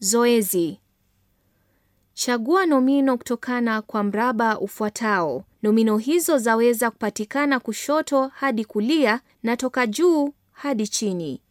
Zoezi: chagua nomino kutokana kwa mraba ufuatao. Nomino hizo zaweza kupatikana kushoto hadi kulia na toka juu hadi chini.